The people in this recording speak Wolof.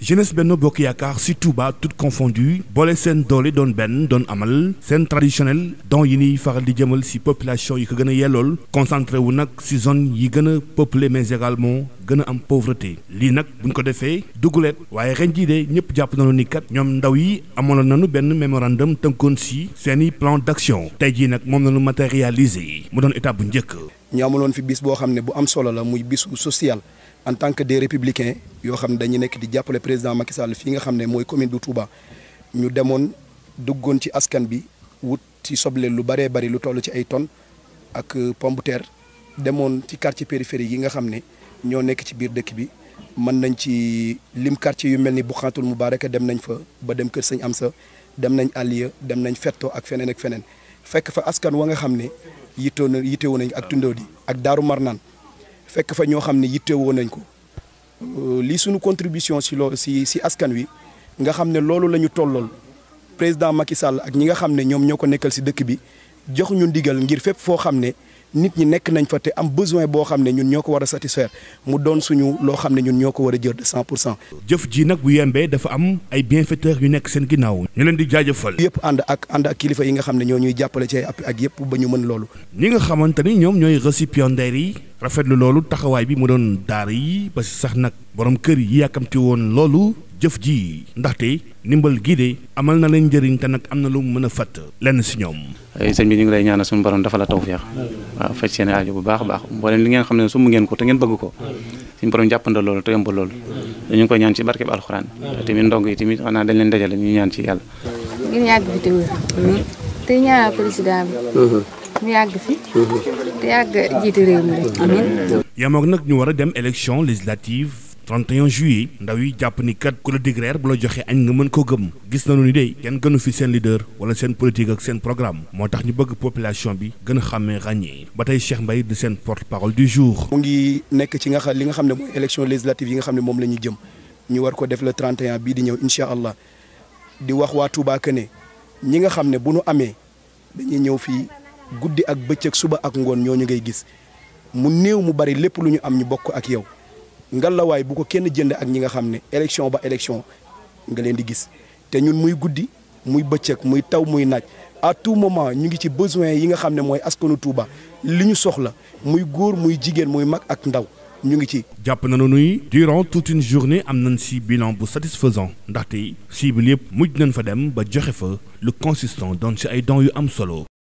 jeunesse benn Bokk Yaakaar si Touba tout confondu boole seen doole doon benn doon amal seen traditionnel don yi niy faral di jëmal si population yi ko gën a yellool concentré wu nag si zone yi gën a peuplé mais également gën a am pauvreté lii nag buñ ko defee duguleet waaye ren jii de ñëpp jàpp nañu ni kat ñoom ndaw yi amaloon nañu benn mémorandum tënkoon si seeni plan d'action tey jii nag moom nañu matérialiser yi mu doon étape bu njëkk ñu amaloon fi bis boo xam ne bu am solo la muy bisu social en tant que des républicains yoo xam ne dañu nekk di jàppale président Macky Sall fii nga xam ne mooy commune bu Touba ñu demoon duggoon ci askan bi wut ci soble lu bëree bëri lu toll ci ay tonnes ak pomme demoon ci quartier périphérique yi nga xam ne ñoo nekk ci biir dëkk bi mën nañ ci lim quartier yu mel ni Buxaatul Mubaaraka dem nañ fa ba dem kër sëñ Amsa dem nañ Aliya dem nañ Fetto ak feneen ak feneen fekk fa askan wa nga xam ne yittoo na yittewoo nañ ak tundoo di ak Daaru Marnaan fekk fa ñoo xam ne yittewoo nañ ko euh, lii suñu contribution si loo si si askan wi nga xam ne loolu la ñu tollool président Macky Sall ak ñi nga xam ne ñoom ñoo ko nekkal si dëkk bi jox ñu ndigal ngir fépp foo xam ne nit ñi nekk nañ fa te am besoin boo xam ne ñun ñoo ko war a satisfaire mu doon suñu loo xam ne ñun ñoo ko war a jël de cent pour cent. jëf ji nag bu yembee dafa am ay bienfaiteurs yu nekk seen ginnaaw. ñu leen di jaajëfal. yëpp ànd ak ànd ak kilifa yi nga xam ne ñoo ñuy jàppale ci app ak yëpp ba ñu mën loolu. ñi nga xamante ni ñoom ñooy récipiendaires yi. rafetlu loolu taxawaay bi mu doon daara yi ba sax nag borom kër yi yàkkamti woon loolu. jëf ji ndaxte ndimbal gii de amal na leen njëriñ nag am na lu mën a fàtt lenn si ñoom. sëñ bi ñu ngi lay ñaanal suñu borom dafa la tawfeex waaw faj seen aajo bu baax a baax mboolem li ngeen xam ne su mu ngeen ko te ngeen bëgg ko suñu borom jàppandal loolu te yombal loolu dañu ngi koy ñaan ci barkeb alxuraan tamit ndong yi tamit xanaa dañ leen dajale ñu ñaan ci yàlla. ngeen yàgg fi te wér. te ñaanal président mhm. mu yàgg fi. Mhm. te yàgg jiite réew mi rek. amiin. nag a 31 juillet ndaw yi jàpp ni kat ku la bu la joxee añ nga mën koo gëm gis nañu ni de kenn gënu fi seen leader wala seen politique ak seen programme moo tax ñu bëgg population bi gën a xàmmee ràññee ba tey Cheikh Mbaye di seen porte parole du jour. mu ngi nekk ci nga xam li nga xam ne mooy élection législative yi nga xam ne moom la ñu jëm ñu war ko def le 31 bii di ñëw incha allah di wax waa Touba ne ñi nga xam ne bu nu amee dañuy ñëw fii guddi ak bëccëg suba ak ngoon ñooñu ngay gis mu néew mu bari lépp lu ñu am ñu bokk ak yow. ngallaawaay bu ko kenn jënd ak ñi nga xam ne élection ba élection nga leen di gis te ñun muy guddi muy bëccëg muy taw muy naaj à tout moment ñu ngi ci besoin yi nga xam ne mooy askanu Touba li ñu soxla muy góor muy jigéen muy mag ak ndaw ñu ngi ci. jàpp na nañu nuy durant tout une journée am nañ si bilan bu satisfaisant ndaxte cible yëpp mujj nañ fa dem ba joxe fa lu consistant doon si ay dons yu am solo.